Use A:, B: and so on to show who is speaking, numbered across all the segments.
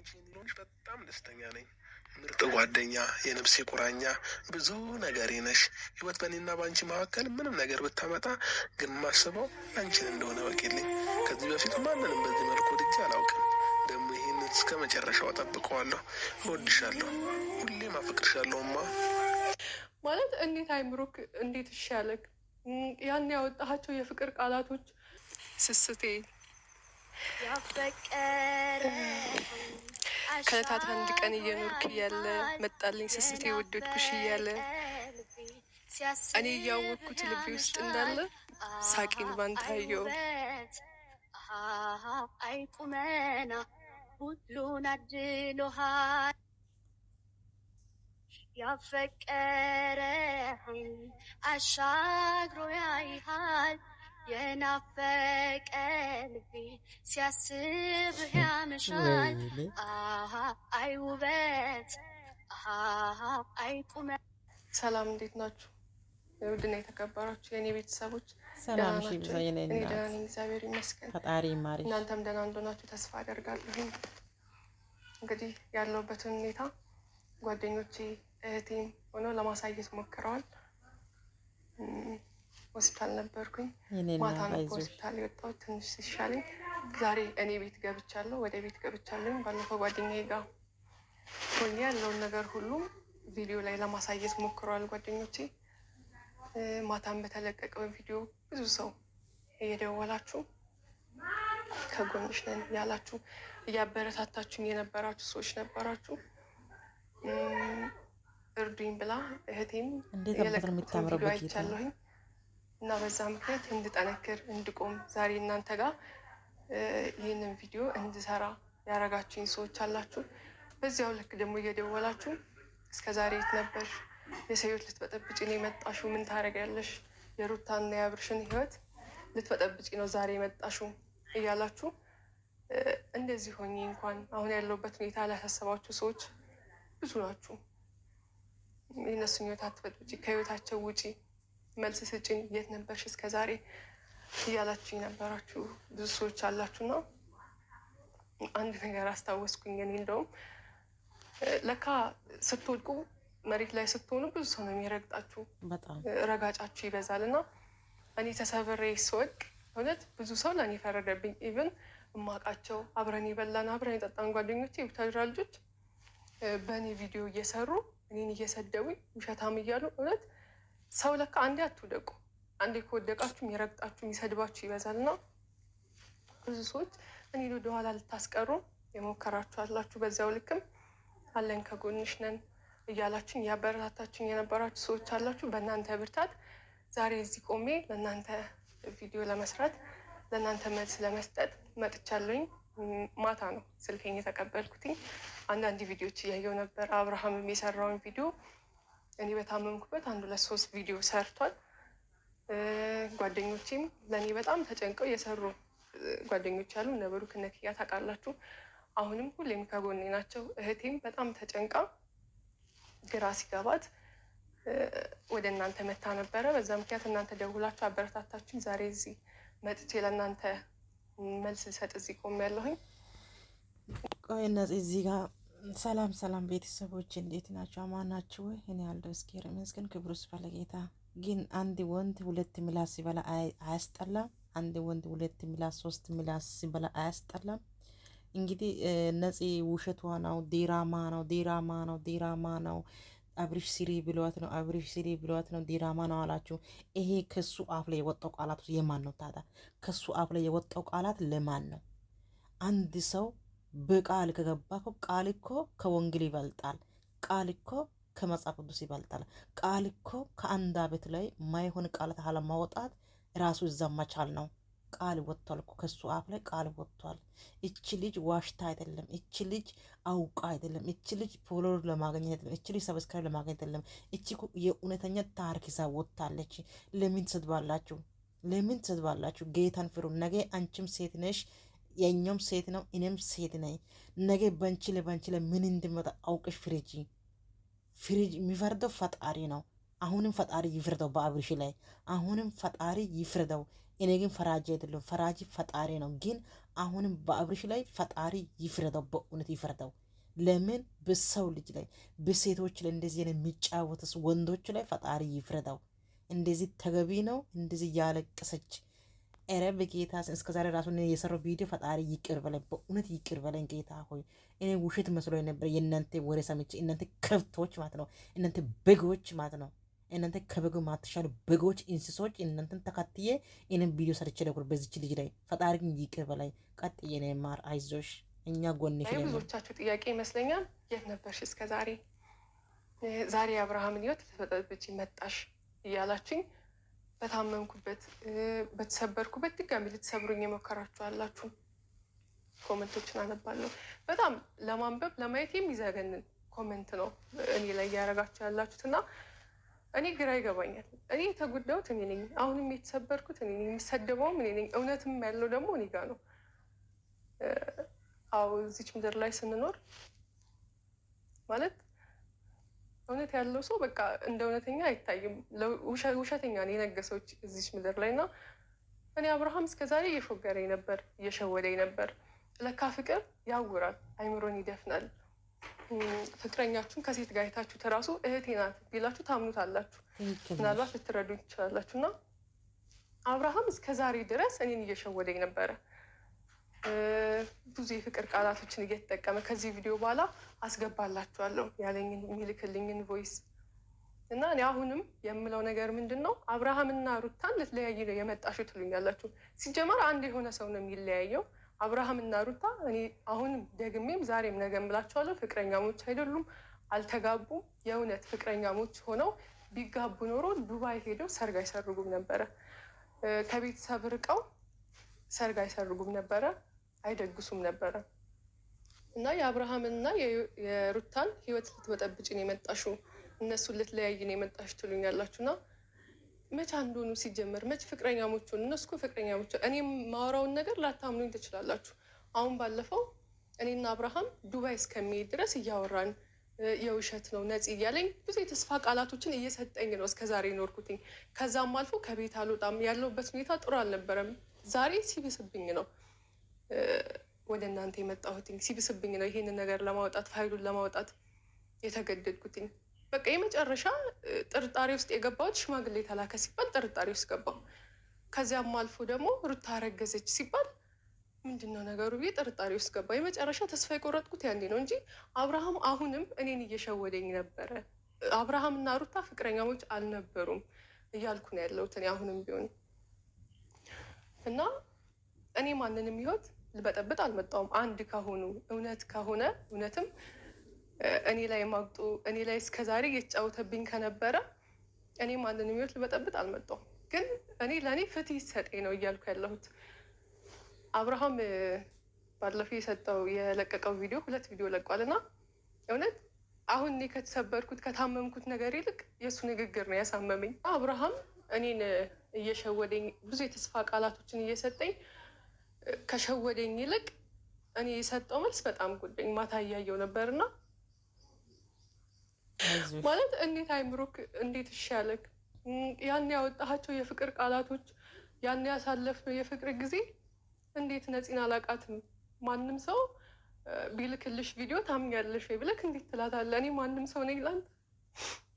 A: አንቺ እንዲሆንሽ በጣም ደስተኛ ነኝ። ምርጥ
B: ጓደኛ፣ የነፍሴ ቁራኛ፣ ብዙ ነገሬ ነሽ። ህይወት በእኔና በአንቺ መካከል ምንም ነገር ብታመጣ ግን ማስበው አንቺን እንደሆነ በቂልኝ። ከዚህ በፊት ማንንም በዚህ መልኩ ወድጄ አላውቅም። ደግሞ ይህን እስከ መጨረሻው ጠብቀዋለሁ። እወድሻለሁ፣ ሁሌም አፈቅርሻለሁማ። ማለት እንዴት አይምሮክ እንዴት ይሻለክ ያን ያወጣቸው የፍቅር ቃላቶች ስስቴ ከእለታት አንድ ቀን እየኖርክ እያለ መጣልኝ ስስቴ ወደድኩሽ እያለ እኔ እያወቅኩት ልቤ ውስጥ እንዳለ ሳቂን ባንታየው አይቁመና ሁሉን አድሎሃል ያፈቀረ አሻግሮ ያይሃል የናፈቀ ልቤ ሲያስብህ ያመሻል። አሀ አይ ውበት፣ አሀ አይ ቁመት። ሰላም እንዴት ናችሁ? ውድና የተከበራችሁ የእኔ ቤተሰቦች ሰላም ሺ ብዛ። እኔ ደህና ነኝ፣ እግዚአብሔር ይመስገን። ፈጣሪ ይማሪ። እናንተም ደህና እንደሆናችሁ ተስፋ አደርጋለሁ። እንግዲህ ያለሁበትን ሁኔታ ጓደኞቼ እህቴም ሆነው ለማሳየት ሞክረዋል። ሆስፒታል ነበርኩኝ።
A: ማታ ነው ሆስፒታል
B: የወጣው ትንሽ ሲሻለኝ ዛሬ እኔ ቤት ገብቻለሁ፣ ወደ ቤት ገብቻለሁ። ባለፈው ጓደኛዬ ጋር ሆኜ ያለውን ነገር ሁሉም ቪዲዮ ላይ ለማሳየት ሞክረዋል ጓደኞቼ። ማታም በተለቀቀው ቪዲዮ ብዙ ሰው እየደወላችሁ ከጎንሽ ነን ያላችሁ እያበረታታችሁኝ የነበራችሁ ሰዎች ነበራችሁ። እርዱኝ ብላ እህቴም የለቀቁትን ቪዲዮ አይቻለሁኝ። እና በዛ ምክንያት እንድጠነክር እንድቆም ዛሬ እናንተ ጋር ይህንን ቪዲዮ እንድሰራ ያረጋችሁኝ ሰዎች አላችሁ። በዚያው ልክ ደግሞ እየደወላችሁ እስከ ዛሬ የት ነበርሽ? የሰዎች ልትበጠብጭ ነው የመጣሹ? ምን ታደርጊያለሽ? የሩታና የአብርሽን ህይወት ልትበጠብጭ ነው ዛሬ የመጣሹ እያላችሁ እንደዚህ ሆኜ እንኳን አሁን ያለውበት ሁኔታ ላሳሰባችሁ ሰዎች ብዙ ናችሁ። የነሱን ህይወት አትበጥብጪ፣ ከህይወታቸው ውጪ መልስ ስጭኝ፣ የት ነበርሽ እስከ ዛሬ እያላችሁ የነበራችሁ ብዙ ሰዎች አላችሁና አንድ ነገር አስታወስኩኝ። እኔ እንደውም ለካ ስትወድቁ መሬት ላይ ስትሆኑ ብዙ ሰው ነው የሚረግጣችሁ፣ ረጋጫችሁ ይበዛል እና እኔ ተሰብሬ ስወድቅ እውነት ብዙ ሰው ለእኔ ፈረደብኝ። ኢቭን እማቃቸው አብረን የበላን አብረን የጠጣን ጓደኞቼ የቡታጅራ ልጆች በእኔ ቪዲዮ እየሰሩ እኔን እየሰደቡኝ ውሸታም እያሉ እውነት ሰው ለካ አንዴ አትውደቁ። አንዴ ከወደቃችሁ የሚረግጣችሁ የሚሰድባችሁ ይበዛል ነው ብዙ ሰዎች እኔ ወደኋላ ልታስቀሩ የሞከራችሁ አላችሁ። በዚያው ልክም አለን ከጎንሽ ነን እያላችሁን እያበረታታችሁን የነበራችሁ ሰዎች አላችሁ። በእናንተ ብርታት ዛሬ እዚህ ቆሜ ለእናንተ ቪዲዮ ለመስራት ለእናንተ መልስ ለመስጠት መጥቻለኝ። ማታ ነው ስልከኝ የተቀበልኩትኝ። አንዳንድ ቪዲዮዎች እያየው ነበር። አብርሃም የሰራውን ቪዲዮ እኔ በታመምኩበት አንድ ሁለት ሶስት ቪዲዮ ሰርቷል። ጓደኞቼም ለእኔ በጣም ተጨንቀው የሰሩ ጓደኞች አሉ። እነ ብሩክ እነ ኪያ ታውቃላችሁ። አሁንም ሁሌም ከጎኔ ናቸው። እህቴም በጣም ተጨንቃ ግራ ሲገባት ወደ እናንተ መታ ነበረ። በዛ ምክንያት እናንተ ደውላችሁ አበረታታችን። ዛሬ እዚህ መጥቼ ለእናንተ መልስ ልሰጥ እዚህ ቆም ያለሁኝ።
A: ቆይ እነዚህ እዚህ ጋር ሰላም ሰላም ቤተሰቦች እንዴት ናቸው? አማናችሁ እኔ ያለው እስኪ ይመስገን ክብሩ ይስፋ ለጌታ። ግን አንድ ወንድ ሁለት ምላስ ሲበላ አያስጠላም? አንድ ወንድ ሁለት ምላስ ሶስት ምላስ ሲበላ አያስጠላም? እንግዲህ ነፂ ውሸቷ ነው፣ ዲራማ ነው፣ ዲራማ ነው፣ ዲራማ ነው። አብሪሽ ሲሪ ብሏት ነው፣ አብሪሽ ሲሪ ብሏት ነው፣ ዲራማ ነው አላችሁ። ይሄ ከሱ አፍ ላይ የወጣው ቃላት የማን ነው ታዲያ? ከሱ አፍ ላይ የወጣው ቃላት ለማን ነው? አንድ ሰው በቃል ከገባ እኮ ቃል እኮ ከወንጌል ይበልጣል። ቃል እኮ ከመጽሐፍ ቅዱስ ይበልጣል። ቃል እኮ ከአንድ አቤት ላይ ማይሆን ቃል ታህላ ማውጣት ራሱ ይዛማቻል ነው። ቃል ወጥቷል እኮ ከሱ አፍ ላይ ቃል ወጥቷል። እቺ ልጅ ዋሽታ አይደለም፣ እቺ ልጅ አውቃ አይደለም፣ እቺ ልጅ ፎሎር ለማግኘት አይደለም፣ እቺ ልጅ ሰብስክራይብ ለማግኘት አይደለም። እቺ የእውነተኛ ታሪክ ይዛ ወጥታለች። ለምን ትሰድባላችሁ? ለምን ትሰድባላችሁ? ጌታን ፍሩ። ነገ አንቺም ሴት ነሽ የኛም ሴት ነው፣ እኔም ሴት ነኝ። ነገ በንችለ በንችለ ምን እንድመጣ አውቅሽ ፍሪጂ ፍሪጅ የሚፈርደው ፈጣሪ ነው። አሁንም ፈጣሪ ይፍርደው በአብርሽ ላይ አሁንም ፈጣሪ ይፍርደው። እኔ ግን ፈራጅ አይደለም፣ ፈራጅ ፈጣሪ ነው። ግን አሁንም በአብርሽ ላይ ፈጣሪ ይፍርደው፣ በእውነት ይፍርደው። ለምን በሰው ልጅ ላይ በሴቶች ላይ እንደዚህ ነው የሚጫወተስ ወንዶች ላይ ፈጣሪ ይፍርደው። እንደዚህ ተገቢ ነው። እንደዚህ ያለቀሰች ኧረ በጌታ እስከዛሬ ራሱ የሰራው ቪዲዮ ፈጣሪ ይቅር በለኝ፣ በእውነት ይቅር በለኝ ጌታ ሆይ። እኔ ውሸት መስሎ ነበር የእናንተ ወሬ ሰምቼ፣ እናንተ ከብቶች ማለት ነው፣ እናንተ በጎች ማለት ነው። እናንተ ከበጎ ማትሻሉ በጎች፣ እንስሶች፣ እናንተን ተካትዬ ይህንን ቪዲዮ ሰርቼ ነበር በዚች ልጅ ላይ። ፈጣሪ ግን ይቅር በላይ። ቀጥ ነው የማር አይዞሽ፣ እኛ ጎንሽ። ብዙዎቻችሁ
B: ጥያቄ ይመስለኛል የት ነበርሽ እስከዛሬ ዛሬ አብርሃምን ህይወት ተፈጠጥች መጣሽ እያላችኝ በታመምኩበት በተሰበርኩበት ድጋሚ ልትሰብሩኝ የሞከራችሁ አላችሁ። ኮመንቶችን አነባለሁ። በጣም ለማንበብ ለማየት የሚዘገንን ኮመንት ነው እኔ ላይ እያደረጋችሁ ያላችሁት እና እኔ ግራ ይገባኛል። እኔ የተጎዳሁት እኔ ነኝ፣ አሁንም የተሰበርኩት እኔ ነኝ፣ የሚሰደበውም እኔ ነኝ። እውነትም ያለው ደግሞ እኔ ጋ ነው። አዎ እዚች ምድር ላይ ስንኖር ማለት እውነት ያለው ሰው በቃ እንደ እውነተኛ አይታይም። ውሸተኛ ነው የነገሰው እዚች ምድር ላይ እና እኔ አብርሃም እስከ ዛሬ እየሾገረኝ ነበር፣ እየሸወደኝ ነበር። ለካ ፍቅር ያውራል፣ አይምሮን ይደፍናል። ፍቅረኛችሁን ከሴት ጋር አይታችሁት እራሱ እህቴ ናት ቢላችሁ ታምኑታላችሁ፣ ምናልባት ልትረዱ ትችላላችሁ። እና አብርሃም ዛሬ ድረስ እኔን እየሸወደኝ ነበረ። ብዙ የፍቅር ቃላቶችን እየተጠቀመ ከዚህ ቪዲዮ በኋላ አስገባላችኋለሁ ያለኝን የሚልክልኝን ቮይስ እና እኔ አሁንም የምለው ነገር ምንድን ነው፣ አብርሃምና ሩታን ልትለያይ ነው የመጣሽው ትሉኛላችሁ። ሲጀመር አንድ የሆነ ሰው ነው የሚለያየው። አብርሃምና ሩታ እኔ አሁንም ደግሜም ዛሬም ነገ እምላችኋለሁ፣ ፍቅረኛሞች አይደሉም፣ አልተጋቡም። የእውነት ፍቅረኛሞች ሆነው ቢጋቡ ኖሮ ዱባይ ሄደው ሰርግ አይሰርጉም ነበረ። ከቤተሰብ ርቀው ሰርግ አይሰርጉም ነበረ። አይደግሱም ነበረ እና የአብርሃምና የሩታን ህይወት ልትበጠብጭን የመጣሹ እነሱን ልትለያይን የመጣሽ ትሉኛላችሁ መች መቼ አንዱኑ ሲጀመር መቼ ፍቅረኛሞቹን እነሱ እኮ ፍቅረኛሞቹ እኔ ማወራውን ነገር ላታምኑኝ ትችላላችሁ። አሁን ባለፈው እኔና አብርሃም ዱባይ እስከሚሄድ ድረስ እያወራን የውሸት ነው ነፂ እያለኝ ብዙ የተስፋ ቃላቶችን እየሰጠኝ ነው እስከዛሬ ኖርኩትኝ። ከዛም አልፎ ከቤት አልወጣም ያለሁበት ሁኔታ ጥሩ አልነበረም። ዛሬ ሲብስብኝ ነው ወደ እናንተ የመጣሁትኝ ሲብስብኝ ነው ይሄንን ነገር ለማውጣት ፋይሉን ለማውጣት የተገደድኩትኝ። በቃ የመጨረሻ ጥርጣሬ ውስጥ የገባሁት ሽማግሌ ተላከ ሲባል ጥርጣሬ ውስጥ ገባሁ። ከዚያም አልፎ ደግሞ ሩታ ረገዘች ሲባል ምንድነው ነገሩ ብዬ ጥርጣሬ ውስጥ ገባ። የመጨረሻ ተስፋ የቆረጥኩት ያኔ ነው እንጂ አብርሃም አሁንም እኔን እየሸወደኝ ነበረ። አብርሃም እና ሩታ ፍቅረኛሞች አልነበሩም እያልኩ ነው ያለሁት እኔ አሁንም ቢሆን እና እኔ ማንንም ይሆት ልበጠብጥ አልመጣውም። አንድ ከሆኑ እውነት ከሆነ እውነትም እኔ ላይ ማግጦ እኔ ላይ እስከዛሬ እየተጫወተብኝ ከነበረ እኔ ማንን የሚወት ልበጠብጥ አልመጣውም። ግን እኔ ለእኔ ፍትህ ይሰጠኝ ነው እያልኩ ያለሁት። አብርሃም ባለፈው የሰጠው የለቀቀው ቪዲዮ ሁለት ቪዲዮ ለቋል እና እውነት አሁን እኔ ከተሰበርኩት ከታመምኩት ነገር ይልቅ የእሱ ንግግር ነው ያሳመመኝ። አብርሃም እኔን እየሸወደኝ ብዙ የተስፋ ቃላቶችን እየሰጠኝ ከሸወደኝ ይልቅ እኔ የሰጠው መልስ በጣም ጉዳኝ ማታ እያየው ነበርና ማለት እንዴት አይምሮክ እንዴት ይሻለክ ያን ያወጣሃቸው የፍቅር ቃላቶች ያን ያሳለፍነው የፍቅር ጊዜ እንዴት ነፂን አላቃትም ማንም ሰው ቢልክልሽ ቪዲዮ ታምኛለሽ ወይ ብለክ እንዴት ትላታለ እኔ ማንም ሰው ነኝ ላንተ።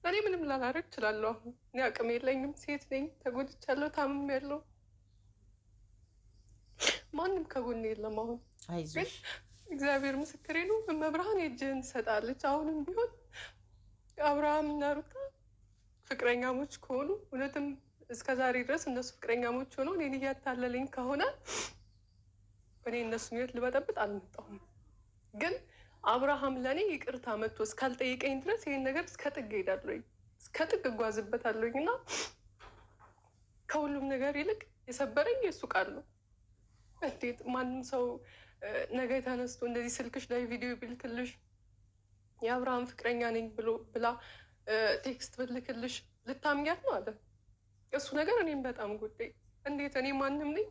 B: እኔ ምንም ላላረግ እችላለሁ። አሁን እኔ አቅም የለኝም፣ ሴት ነኝ፣ ተጎድቻለሁ፣ ታምም ያለው ማንም ከጎን የለም። አሁን እግዚአብሔር ምስክሬ ነው፣ መብርሃን የእጅህን ትሰጣለች። አሁንም ቢሆን አብርሃም እና ሩታ ፍቅረኛሞች ከሆኑ እውነትም እስከ ዛሬ ድረስ እነሱ ፍቅረኛሞች ሆነው እኔን እያታለለኝ ከሆነ እኔ እነሱን ሕይወት ልበጠብጥ አልመጣሁም። ግን አብርሃም ለእኔ ይቅርታ መጥቶ እስካልጠይቀኝ ድረስ ይህን ነገር እስከ ጥግ ሄዳለኝ እስከ ጥግ እጓዝበታለኝ እና ከሁሉም ነገር ይልቅ የሰበረኝ የእሱ ቃል ነው። እንዴት ማንም ሰው ነገ ተነስቶ እንደዚህ ስልክሽ ላይ ቪዲዮ ብልክልሽ የአብርሃም ፍቅረኛ ነኝ ብሎ ብላ ቴክስት ብልክልሽ ልታምኛት ነው አለ። እሱ ነገር እኔም በጣም ጉዳይ እንዴት እኔ ማንም ነኝ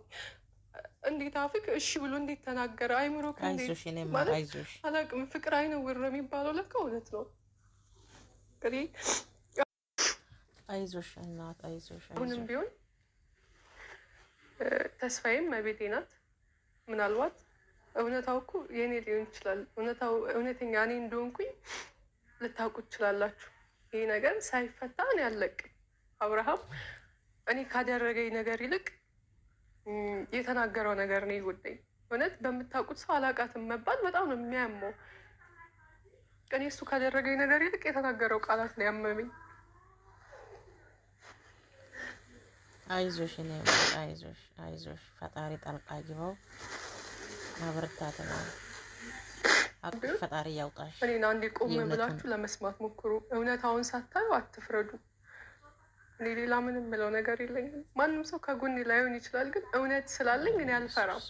B: እንዴት አፍክ እሺ ብሎ እንዴት ተናገረ? አይምሮ አላቅም። ፍቅር አይነውር የሚባለው። ለካ እውነት ነው።
A: አይዞሽ እናት አይዞሽ። አሁንም
B: ቢሆን ተስፋዬም መቤቴ ናት። ምናልባት እውነታው እኮ የእኔ ሊሆን ይችላል። እውነታው እውነተኛ እኔ እንደሆንኩኝ ልታውቁ ትችላላችሁ። ይህ ነገር ሳይፈታ እኔ አለቅም። አብርሃም እኔ ካደረገኝ ነገር ይልቅ የተናገረው ነገር ነው የጎዳኝ። እውነት በምታውቁት ሰው አላቃትም መባል በጣም ነው የሚያመው። እኔ እሱ ካደረገኝ ነገር ይልቅ የተናገረው ቃላት ነው ያመመኝ።
A: አይዞሽ፣ እኔ አይዞሽ፣ አይዞሽ ፈጣሪ ጣልቃ ግባው ማበረታት ነው።
B: ፈጣሪ ያውጣሽ። እኔና እንዴ ቆም ብላችሁ ለመስማት ሞክሩ። እውነት አሁን ሳታዩ አትፍረዱ። እኔ ሌላ ምንም ምለው ነገር የለኝም። ማንም ሰው ከጎኔ ላይሆን ይችላል፣ ግን እውነት ስላለኝ እኔ አልፈራም።